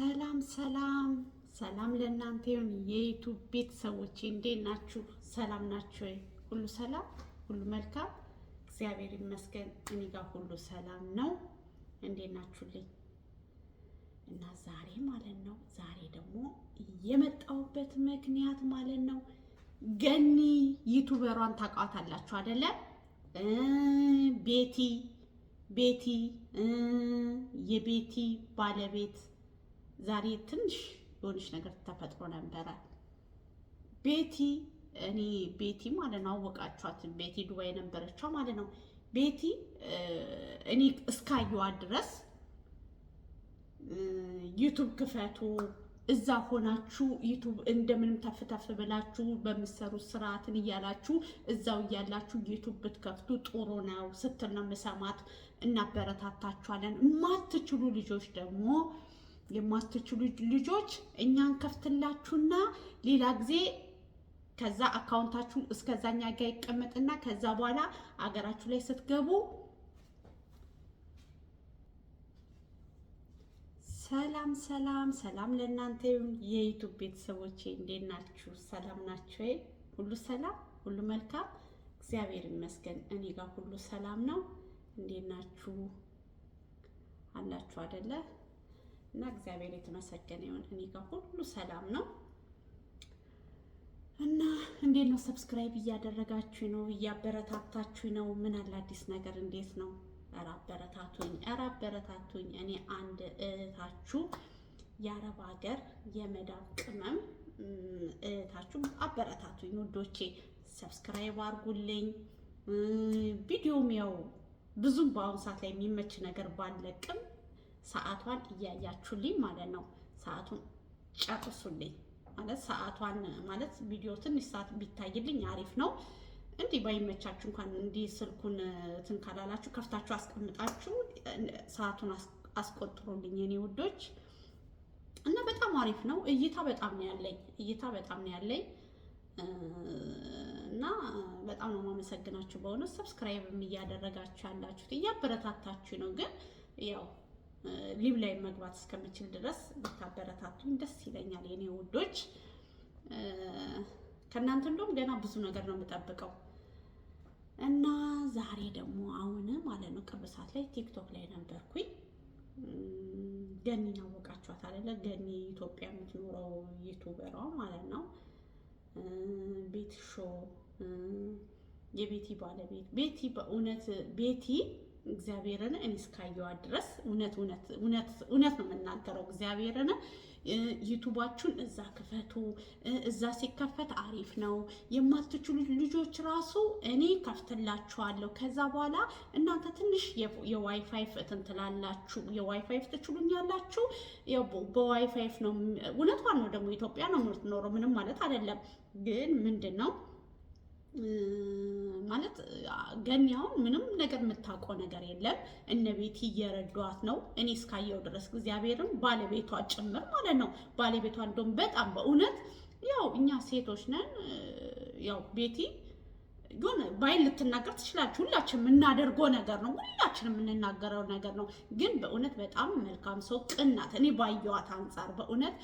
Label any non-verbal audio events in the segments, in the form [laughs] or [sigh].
ሰላም ሰላም ሰላም ለእናንተ ይሁን የዩቱብ ቤተሰቦች እንዴት ናችሁ? ሰላም ናችሁ ወይ? ሁሉ ሰላም፣ ሁሉ መልካም፣ እግዚአብሔር ይመስገን። እኔ ጋር ሁሉ ሰላም ነው። እንዴት ናችሁልኝ? እና ዛሬ ማለት ነው ዛሬ ደግሞ የመጣሁበት ምክንያት ማለት ነው ገኒ ዩቱበሯን ታውቃታላችሁ አይደለ? ቤቲ ቤቲ የቤቲ ባለቤት ዛሬ ትንሽ የሆነች ነገር ተፈጥሮ ነበረ። ቤቲ እኔ ቤቲ ማለት ነው አወቃችኋት፣ ቤቲ ዱባይ ነበረችው ማለት ነው። ቤቲ እኔ እስካየዋ ድረስ ዩቱብ ክፈቱ እዛ ሆናችሁ ዩቱብ እንደምንም ተፍተፍ ብላችሁ በምትሰሩት ስርዓትን እያላችሁ እዛው እያላችሁ ዩቱብ ብትከፍቱ ጥሩ ነው ስትል ነው የምሰማት። እናበረታታችኋለን። የማትችሉ ልጆች ደግሞ የማትችሉ ልጆች እኛን ከፍትላችሁና ሌላ ጊዜ ከዛ አካውንታችሁ እስከዛኛ ጋር ይቀመጥና ከዛ በኋላ አገራችሁ ላይ ስትገቡ ሰላም ሰላም ሰላም ለእናንተ ይሁን። የዩቱብ ቤተሰቦቼ እንዴት ናችሁ? ሰላም ናችሁ ወይ? ሁሉ ሰላም፣ ሁሉ መልካም፣ እግዚአብሔር ይመስገን። እኔ ጋር ሁሉ ሰላም ነው። እንዴት ናችሁ? አላችሁ አይደለ? እና እግዚአብሔር የተመሰገነ ይሁን። እኔ ጋር ሁሉ ሰላም ነው እና እንዴት ነው? ሰብስክራይብ እያደረጋችሁ ነው? እያበረታታችሁ ነው? ምን አለ አዲስ ነገር? እንዴት ነው? ኧረ አበረታቱኝ፣ ኧረ አበረታቱኝ። እኔ አንድ እህታችሁ የአረብ ሀገር የመዳብ ቅመም እህታችሁ አበረታቱኝ ውዶቼ፣ ሰብስክራይብ አድርጉልኝ። ቪዲዮም ያው ብዙም በአሁኑ ሰዓት ላይ የሚመች ነገር ባለቅም ሰዓቷን እያያችሁልኝ ማለት ነው። ሰዓቱን ጨርሱልኝ ማለት ሰዓቷን ማለት ቪዲዮ ትንሽ ሰዓት ቢታይልኝ አሪፍ ነው። እንዲህ ባይመቻችሁ እንኳን እንዲህ ስልኩን እንትን ከፍታችሁ አስቀምጣችሁ ሰዓቱን አስቆጥሩልኝ የኔ ውዶች እና በጣም አሪፍ ነው። እይታ በጣም ነው ያለኝ፣ እይታ በጣም ነው ያለኝ እና በጣም ነው የማመሰግናችሁ። በሆነ ሰብስክራይብም እያደረጋችሁ ያላችሁት እያበረታታችሁ ነው ግን ያው ሊብ ላይ መግባት እስከምችል ድረስ ብታበረታቱኝ ደስ ይለኛል የኔ ውዶች። ከእናንተ እንደውም ገና ብዙ ነገር ነው የምጠብቀው እና ዛሬ ደግሞ አሁን ማለት ነው ቅርብ ሰዓት ላይ ቲክቶክ ላይ ነበርኩኝ። ገኒ ያወቃችኋት አይደለ? ገኒ ኢትዮጵያ የምትኖረው ዩቱበሯ ማለት ነው። ቤት ሾ የቤቲ ባለቤት ቤቲ በእውነት ቤቲ እግዚአብሔርን እኔ እስካየዋ ድረስ እውነት እውነት ነው የምናገረው። እግዚአብሔርን ዩቱባችሁን እዛ ክፈቱ። እዛ ሲከፈት አሪፍ ነው። የማትችሉ ልጆች ራሱ እኔ ከፍትላችኋለሁ። ከዛ በኋላ እናንተ ትንሽ የዋይፋይ ፍትን ትላላችሁ፣ የዋይፋይ ትችሉኛላችሁ። በዋይፋይ ነው እውነቷን ነው ደግሞ ኢትዮጵያ ነው ኖሮ ምንም ማለት አይደለም ግን ምንድን ነው ማለት ገኒ አሁን ምንም ነገር የምታውቀው ነገር የለም። እነ ቤት እየረዷት ነው። እኔ እስካየው ድረስ እግዚአብሔርም ባለቤቷ ጭምር ማለት ነው። ባለቤቷ እንደውም በጣም በእውነት ያው እኛ ሴቶች ነን ያው ቤቲ ግን ባይ ልትናገር ትችላችሁ። ሁላችን የምናደርገው ነገር ነው። ሁላችን የምንናገረው ነገር ነው። ግን በእውነት በጣም መልካም ሰው ቅናት፣ እኔ ባየዋት አንጻር በእውነት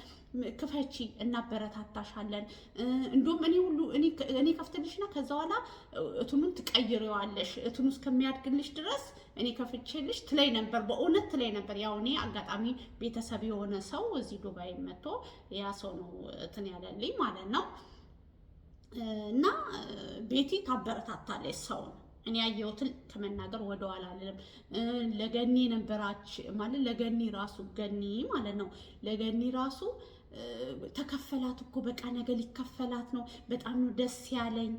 ክፈቺ እናበረታታሻለን። እንዲሁም እኔ ሁሉ እኔ ከፍትልሽና ከዛ በኋላ እቱኑን ትቀይረዋለሽ እቱኑ እስከሚያድግልሽ ድረስ እኔ ከፍቼልሽ ትለይ ነበር። በእውነት ትለይ ነበር። ያው እኔ አጋጣሚ ቤተሰብ የሆነ ሰው እዚህ ዱባይ መጥቶ ያ ሰው ነው እንትን ያለልኝ ማለት ነው። እና ቤቲ ታበረታታለች ሰውን እኔ ያየሁትን ከመናገር ወደ ኋላ አልልም። ለገኒ ነበራች ማለት ለገኒ ራሱ ገኒ ማለት ነው። ለገኒ ራሱ ተከፈላት እኮ በቃ ነገ ሊከፈላት ነው። በጣም ነው ደስ ያለኝ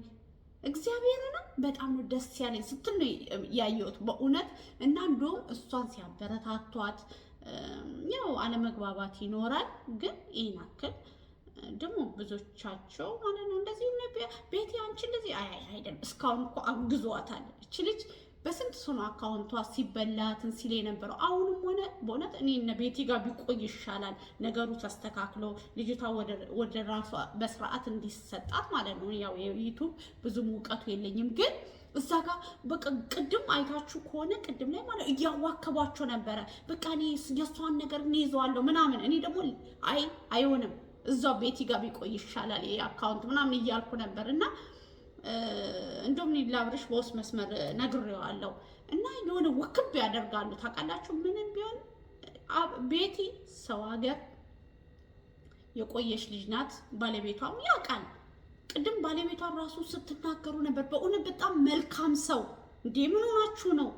እግዚአብሔር ነው። በጣም ነው ደስ ያለኝ ስትል ነው ያየሁት በእውነት እና እንደውም እሷን ሲያበረታቷት ያው አለመግባባት ይኖራል፣ ግን ይህን አክል ደግሞ ብዙቻቸው ማለት ነው እንደዚህ ቤቴ አንቺ እንደዚህ አይደለም። እስካሁን እኮ አግዟታል እች ልጅ በስንት ሱኖ አካውንቷ ሲበላትን ሲል የነበረው አሁንም ሆነ በእውነት እኔ እነ ቤቲ ጋር ቢቆይ ይሻላል። ነገሩ ተስተካክሎ ልጅቷ ወደ ራሷ በስርዓት እንዲሰጣት ማለት ነው። ያው የዩቱብ ብዙም እውቀቱ የለኝም ግን እዛ ጋር በቃ ቅድም አይታችሁ ከሆነ ቅድም ላይ ማለት እያዋከቧቸው ነበረ። በቃ እኔ የእሷን ነገር እኔ ይዘዋለሁ ምናምን እኔ ደግሞ አይ አይሆንም እዛው ቤቲ ጋር ቢቆይ ይሻላል ይሄ አካውንት ምናምን እያልኩ ነበር እና እንደውም ላብርሽ በውስጥ መስመር ነግሬዋለሁ እና የሆነ ውክብ ያደርጋሉ ታውቃላችሁ። ምንም ቢሆን ቤቲ ሰው ሀገር የቆየች ልጅ ናት። ባለቤቷም ያውቃል። ቅድም ባለቤቷን ራሱ ስትናገሩ ነበር። በእውነት በጣም መልካም ሰው እንዴ! ምን ሆናችሁ ነው?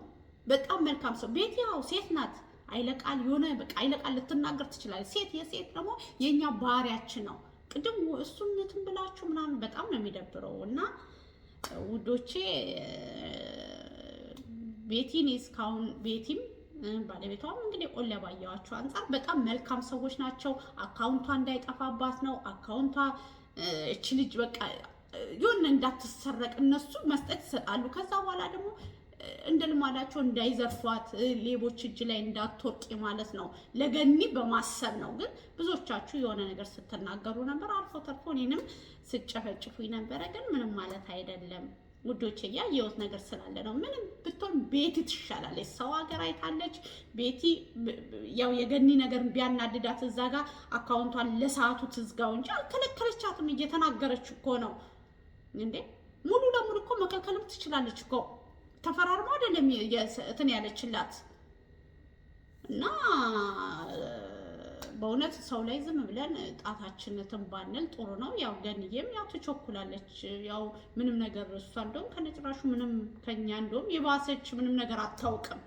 በጣም መልካም ሰው ቤቲ ያው ሴት ናት። አይለቃል የሆነ በቃ አይለቃል ልትናገር ትችላለች። ሴት የሴት ደግሞ የእኛ ባህሪያችን ነው። ቅድም እሱነትን ብላችሁ ምናምን በጣም ነው የሚደብረው። እና ውዶቼ ቤቲን እስካሁን ቤቲም ባለቤቷም እንግዲህ ቆላ ባየዋቸው አንጻር በጣም መልካም ሰዎች ናቸው። አካውንቷ እንዳይጠፋባት ነው አካውንቷ እች ልጅ በቃ ይሁን እንዳትሰረቅ እነሱ መስጠት ይሰጣሉ። ከዛ በኋላ ደግሞ እንደ ልማዳቸው እንዳይዘርፏት ሌቦች እጅ ላይ እንዳትወርቂ ማለት ነው። ለገኒ በማሰብ ነው። ግን ብዙዎቻችሁ የሆነ ነገር ስትናገሩ ነበር። አልፎ ተርፎ እኔንም ስጨፈጭፉኝ ነበረ። ግን ምንም ማለት አይደለም ውዶቼ፣ ያየሁት ነገር ስላለ ነው። ምንም ብትሆን ቤቲ ትሻላለች። ሰው ሀገር አይታለች። ቤቲ ያው የገኒ ነገር ቢያናድዳት እዛ ጋር አካውንቷን ለሰዓቱ ትዝጋው እንጂ አልከለከለቻትም። እየተናገረች እኮ ነው እንዴ! ሙሉ ለሙሉ እኮ መከልከልም ትችላለች እኮ ተፈራርሞ አይደለም እንትን ያለችላት እና በእውነት ሰው ላይ ዝም ብለን ጣታችን ትንባንል ጥሩ ነው። ያው ገንዬም ያው ትቸኩላለች። ያው ምንም ነገር እሷ እንደውም ከነጭራሹ ምንም ከኛ እንደውም የባሰች ምንም ነገር አታውቅም።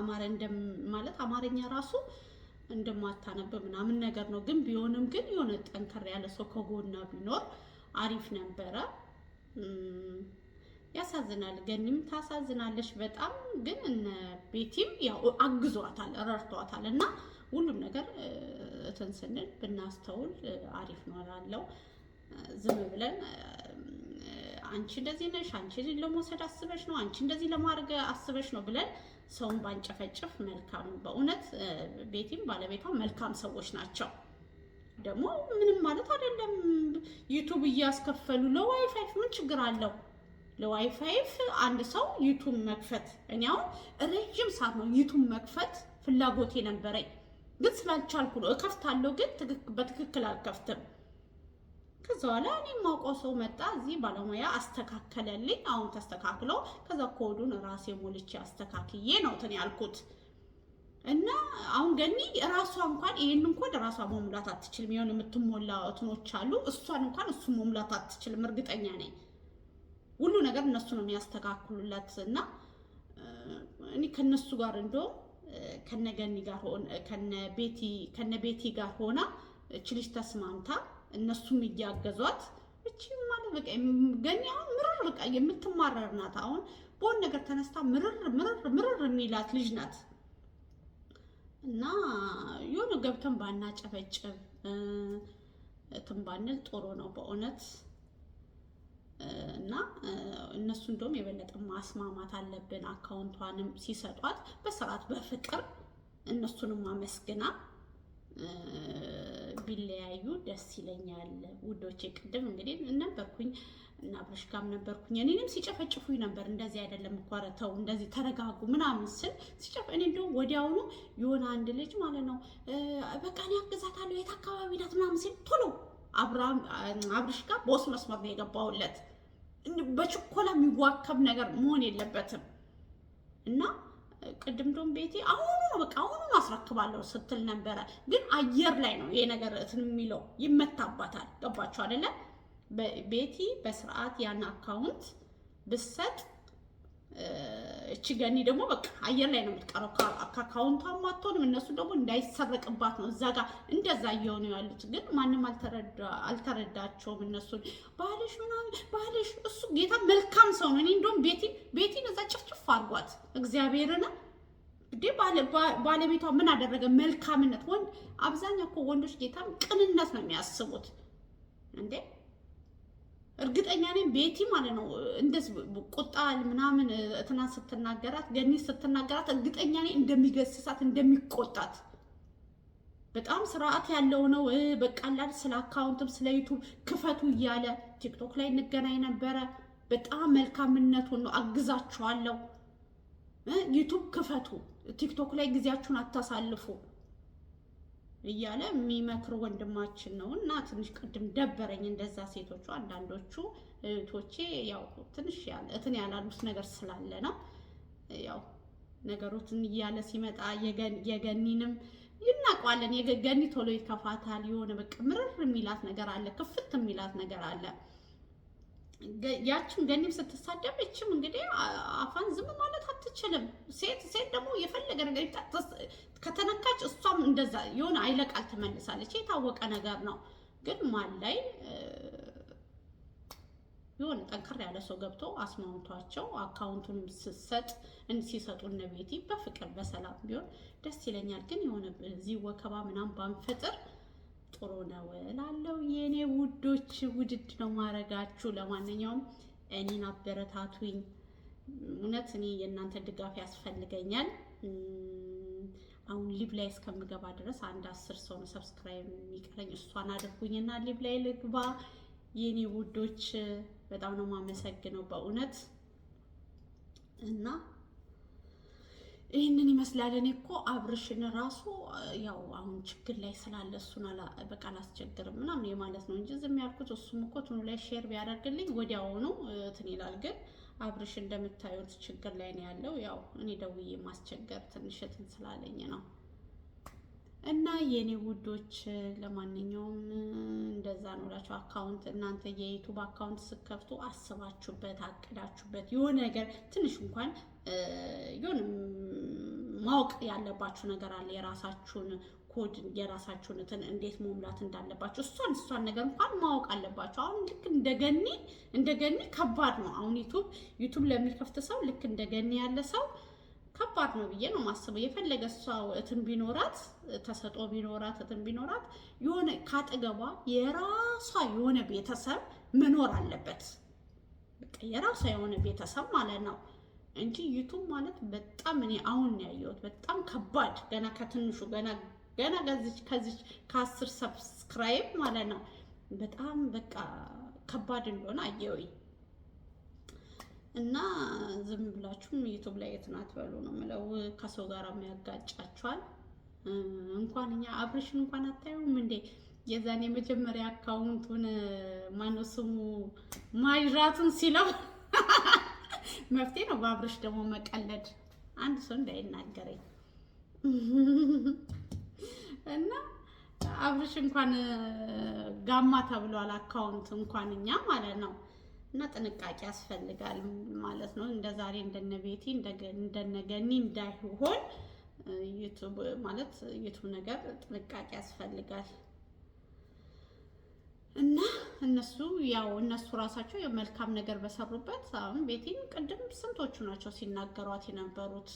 አማረ እንደም ማለት አማርኛ ራሱ እንደማታነብ ምናምን ነገር ነው። ግን ቢሆንም ግን የሆነ ጠንከር ያለ ሰው ከጎና ቢኖር አሪፍ ነበረ። ያሳዝናል። ገኒም ታሳዝናለች በጣም ግን ቤቲም ያው አግዟታል፣ ረድቷታል እና ሁሉም ነገር እንትን ስንል ብናስተውል አሪፍ ነው እላለሁ። ዝም ብለን አንቺ እንደዚህ ነሽ፣ አንቺ ለመውሰድ አስበሽ ነው፣ አንቺ እንደዚህ ለማድረግ አስበሽ ነው ብለን ሰውን ባንጨፈጭፍ መልካም በእውነት ቤቲም ባለቤቷ መልካም ሰዎች ናቸው። ደግሞ ምንም ማለት አይደለም። ዩቱብ እያስከፈሉ ለዋይፋይ ምን ችግር አለው? ለዋይፋይፍ አንድ ሰው ዩቱብ መክፈት እኔ አሁን ረዥም ሰዓት ነው ዩቱብ መክፈት ፍላጎቴ ነበረኝ፣ ግን ስላልቻልኩ ነው። እከፍታለሁ፣ ግን በትክክል አልከፍትም። ከዛ በኋላ እኔ ማውቀው ሰው መጣ፣ እዚህ ባለሙያ አስተካከለልኝ። አሁን ተስተካክሎ ከዛ ኮዱን ራሴ ሞልቼ አስተካክዬ ነው እንትን ያልኩት። እና አሁን ገኒ ራሷ እንኳን ይሄን እንኳን ራሷ መሙላት አትችልም። የሆነ የምትሞላ እንትኖች አሉ፣ እሷን እንኳን እሱ መሙላት አትችልም፣ እርግጠኛ ነኝ። ሁሉ ነገር እነሱ ነው የሚያስተካክሉላት እና እኔ ከነሱ ጋር እንደውም ከነገኒ ጋር ከነ ቤቲ ጋር ሆና እች ልጅ ተስማምታ እነሱም እያገዟት እቺ ማለት በቃ ገኒ አሁን ምርር በቃ የምትማረር ናት። አሁን በሆን ነገር ተነስታ ምርር ምርር ምርር የሚላት ልጅ ናት እና የሆነ ገብተን ባናጨበጭብ ትንባንል ባንል ጥሩ ነው በእውነት። እና እነሱ እንደውም የበለጠ ማስማማት አለብን። አካውንቷንም ሲሰጧት በስርዓት በፍቅር እነሱንም አመስግና ቢለያዩ ደስ ይለኛል ውዶቼ። ቅድም እንግዲህ ነበርኩኝ እና አብረሽ ጋም ነበርኩኝ። እኔንም ሲጨፈጭፉኝ ነበር። እንደዚህ አይደለም እኮ ኧረ ተው እንደዚህ ተረጋጉ ምናምን ስል ሲጨፍ እኔ እንደውም ወዲያውኑ የሆነ አንድ ልጅ ማለት ነው በቃ እኔ አግዛታለሁ የት አካባቢ ናት ምናምን ሲል ቶሎ አብርሽ ጋር በውስጥ መስመር ነው የገባሁለት። በችኮላ የሚዋከብ ነገር መሆን የለበትም እና ቅድም ዶም ቤቴ አሁኑ ነው በቃ አሁኑ ነው አስረክባለሁ ስትል ነበረ። ግን አየር ላይ ነው ይሄ ነገር እንትን የሚለው ይመታባታል። ገባችሁ አይደለም? ቤቲ በስርዓት ያን አካውንት ብሰጥ እቺ ገኒ ደግሞ በቃ አየር ላይ ነው የምትቀረው። ከአካውንቷ ማትሆንም እነሱ ደግሞ እንዳይሰረቅባት ነው እዛ ጋር እንደዛ እየሆኑ ያሉት። ግን ማንም አልተረዳቸውም። እነሱን ባህልሽ ምናምን ባህልሽ፣ እሱ ጌታ መልካም ሰው ነው። እኔ እንደውም ቤቲን ቤቲን እዛ ጭፍጭፍ አድርጓት እግዚአብሔርን እንዴ ባለቤቷ ምን አደረገ? መልካምነት ወንድ አብዛኛው እኮ ወንዶች ጌታም ቅንነት ነው የሚያስቡት እንዴ እርግጠኛ ነኝ ቤቲ ማለት ነው እንደስ ቁጣ ምናምን ትናንት ስትናገራት ገኒ ስትናገራት እርግጠኛ ነኝ እንደሚገስሳት እንደሚቆጣት በጣም ስርዓት ያለው ነው። በቃላል ስለ አካውንትም ስለ ዩቱብ ክፈቱ እያለ ቲክቶክ ላይ እንገናኝ ነበረ። በጣም መልካምነቱ ነው አግዛችኋለሁ፣ ዩቱብ ክፈቱ፣ ቲክቶክ ላይ ጊዜያችሁን አታሳልፉ እያለ የሚመክር ወንድማችን ነው እና ትንሽ ቅድም ደበረኝ። እንደዛ ሴቶቹ አንዳንዶቹ እህቶቼ ያው ትንሽ ያለ እትን ያላሉት ነገር ስላለ ነው ያው ነገሮትን እያለ ሲመጣ የገኒንም ይናቋለን። የገኒ ቶሎ ይከፋታል። የሆነ በቃ ምርር የሚላት ነገር አለ፣ ክፍት የሚላት ነገር አለ። ያችን ገኒም ስትሳደብ ይችም እንግዲህ አፋን ዝም ማለት አትችልም። ሴት ሴት ደግሞ የፈለገ ነገር ከተነካች እሷም እንደዛ የሆነ አይለቃል ትመልሳለች። የታወቀ ነገር ነው። ግን ማን ላይ የሆነ ጠንከር ያለ ሰው ገብቶ አስማምቷቸው አካውንቱን ስሰጥ ሲሰጡ እነ ቤቲ በፍቅር በሰላም ቢሆን ደስ ይለኛል። ግን የሆነ እዚህ ወከባ ምናምን ባንፈጥር ጥሩ ነው እላለሁ። የእኔ ውዶች ውድድ ነው ማረጋችሁ። ለማንኛውም እኔን አበረታቱኝ። እውነት እኔ የእናንተ ድጋፍ ያስፈልገኛል። አሁን ሊብ ላይ እስከምገባ ድረስ አንድ አስር ሰው ነው ሰብስክራይብ የሚቀረኝ። እሷን አድርጉኝና ሊብ ላይ ልግባ። የእኔ ውዶች በጣም ነው ማመሰግነው በእውነት እና ይህንን ይመስላል። እኔ እኮ አብርሽን ራሱ ያው አሁን ችግር ላይ ስላለ እሱን በቃ አላስቸግርም ምናምን የማለት ነው እንጂ ዝም ያልኩት እሱም እኮ ትኑ ላይ ሼር ቢያደርግልኝ ወዲያውኑ እንትን ይላል። ግን አብርሽ እንደምታዩት ችግር ላይ ነው ያለው። ያው እኔ ደውዬ ማስቸገር ትንሽ እንትን ስላለኝ ነው። እና የኔ ውዶች ለማንኛውም እንደዛ ነው እላቸው። አካውንት እናንተ የዩቱብ አካውንት ስከፍቱ አስባችሁበት አቅዳችሁበት የሆነ ነገር ትንሽ እንኳን የሆነ ማወቅ ያለባችሁ ነገር አለ። የራሳችሁን ኮድ የራሳችሁን እንትን እንዴት መሙላት እንዳለባችሁ እሷን እሷን ነገር እንኳን ማወቅ አለባችሁ። አሁን ልክ እንደገኒ እንደገኒ ከባድ ነው። አሁን ዩቱብ ዩቱብ ለሚከፍት ሰው ልክ እንደገኒ ያለ ሰው ከባድ ነው ብዬ ነው ማስበው። የፈለገ እሷ እትን ቢኖራት ተሰጦ ቢኖራት እትን ቢኖራት የሆነ ካጠገቧ የራሷ የሆነ ቤተሰብ መኖር አለበት። በቃ የራሷ የሆነ ቤተሰብ ማለት ነው እንጂ ዩቱብ ማለት በጣም እኔ አሁን ያየሁት በጣም ከባድ ገና ከትንሹ ገና ገና ከዚች ከዚች ከአስር ሰብስክራይብ ማለት ነው በጣም በቃ ከባድ እንደሆነ አየሁኝ። እና ዝም ብላችሁም ዩቱብ ላይ የትናት በሉ ነው የምለው። ከሰው ጋር ያጋጫቸዋል። እንኳን እኛ አብርሽን እንኳን አታዩም እንዴ? የዛን የመጀመሪያ አካውንቱን ማነው ስሙ ማጅራቱን ሲለው [laughs] መፍትሄ ነው። በአብርሽ ደግሞ መቀለድ አንድ ሰው እንዳይናገረኝ [laughs] እና አብርሽ እንኳን ጋማ ተብሏል አካውንት እንኳን እኛ ማለት ነው እና ጥንቃቄ ያስፈልጋል ማለት ነው። እንደ ዛሬ እንደነ ቤቲ እንደነ ገኒ እንዳይሆን ዩቱብ ማለት ዩቱብ ነገር ጥንቃቄ ያስፈልጋል እና እነሱ ያው እነሱ ራሳቸው የመልካም ነገር በሰሩበት አሁን ቤቲን ቅድም ስንቶቹ ናቸው ሲናገሯት የነበሩት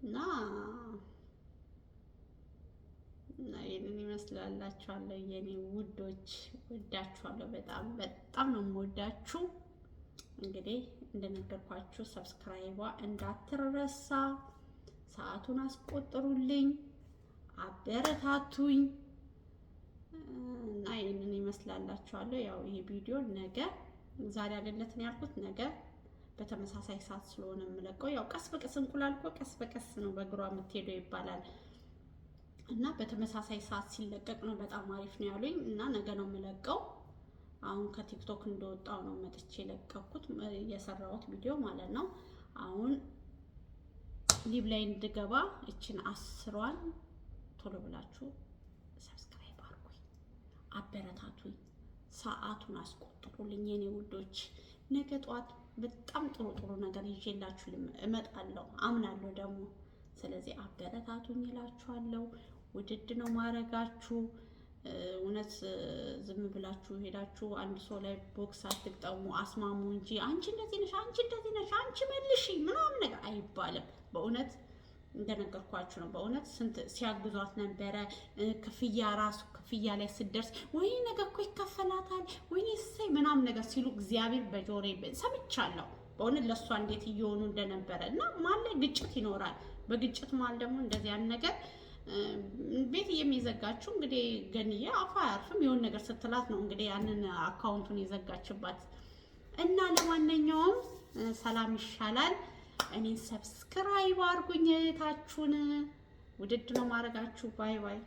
እና ይመስላላችኋለሁ? የኔ ውዶች ወዳችኋለሁ። በጣም በጣም ነው የምወዳችሁ። እንግዲህ እንደነገርኳችሁ ሰብስክራይቧ እንዳትረሳ፣ ሰዓቱን አስቆጥሩልኝ፣ አበረታቱኝ እና ይህንን ይመስላላችኋለሁ። ያው ይህ ቪዲዮ ነገ ዛሬ አለለትን ያልኩት ነገ በተመሳሳይ ሰዓት ስለሆነ የምለቀው ያው ቀስ በቀስ እንቁላል እኮ ቀስ በቀስ ነው በእግሯ የምትሄደው ይባላል። እና በተመሳሳይ ሰዓት ሲለቀቅ ነው። በጣም አሪፍ ነው ያሉኝ እና ነገ ነው የምለቀው። አሁን ከቲክቶክ እንደወጣው ነው መጥቼ የለቀኩት የሰራሁት ቪዲዮ ማለት ነው። አሁን ሊብ ላይ እንድገባ እችን አስሯን ቶሎ ብላችሁ ሰብስክራይብ አድርጉኝ፣ አበረታቱኝ፣ ሰዓቱን አስቆጥሩልኝ የኔ ውዶች። ነገ ጠዋት በጣም ጥሩ ጥሩ ነገር ይዤላችሁ እመጣለሁ አምናለሁ ደግሞ። ስለዚህ አበረታቱኝ እላችኋለሁ። ውድድ ነው ማረጋችሁ። እውነት ዝም ብላችሁ ሄዳችሁ አንድ ሰው ላይ ቦክስ አትግጠሙ፣ አስማሙ እንጂ አንቺ እንደዚህ ነሽ፣ አንቺ እንደዚህ ነሽ፣ አንቺ መልሽ ምናምን ነገር አይባልም። በእውነት እንደነገርኳችሁ ነው። በእውነት ስንት ሲያግዟት ነበረ። ክፍያ ራሱ ክፍያ ላይ ስደርስ ወይኔ ነገ እኮ ይከፈላታል፣ ወይኔ እሰይ ምናምን ነገር ሲሉ እግዚአብሔር በጆሬ ሰምቻለሁ። በእውነት ለእሷ እንዴት እየሆኑ እንደነበረ እና ማለ ግጭት ይኖራል። በግጭት ማል ደግሞ እንደዚያን ነገር ቤት የሚዘጋችው እንግዲህ ገንዬ አፋ አያርፍም የሆን ነገር ስትላት ነው እንግዲህ ያንን አካውንቱን የዘጋችባት እና ለማንኛውም ሰላም ይሻላል። እኔን ሰብስክራይብ አድርጉኝ። እህታችሁን ውድድ ነው ማድረጋችሁ። ባይ ባይ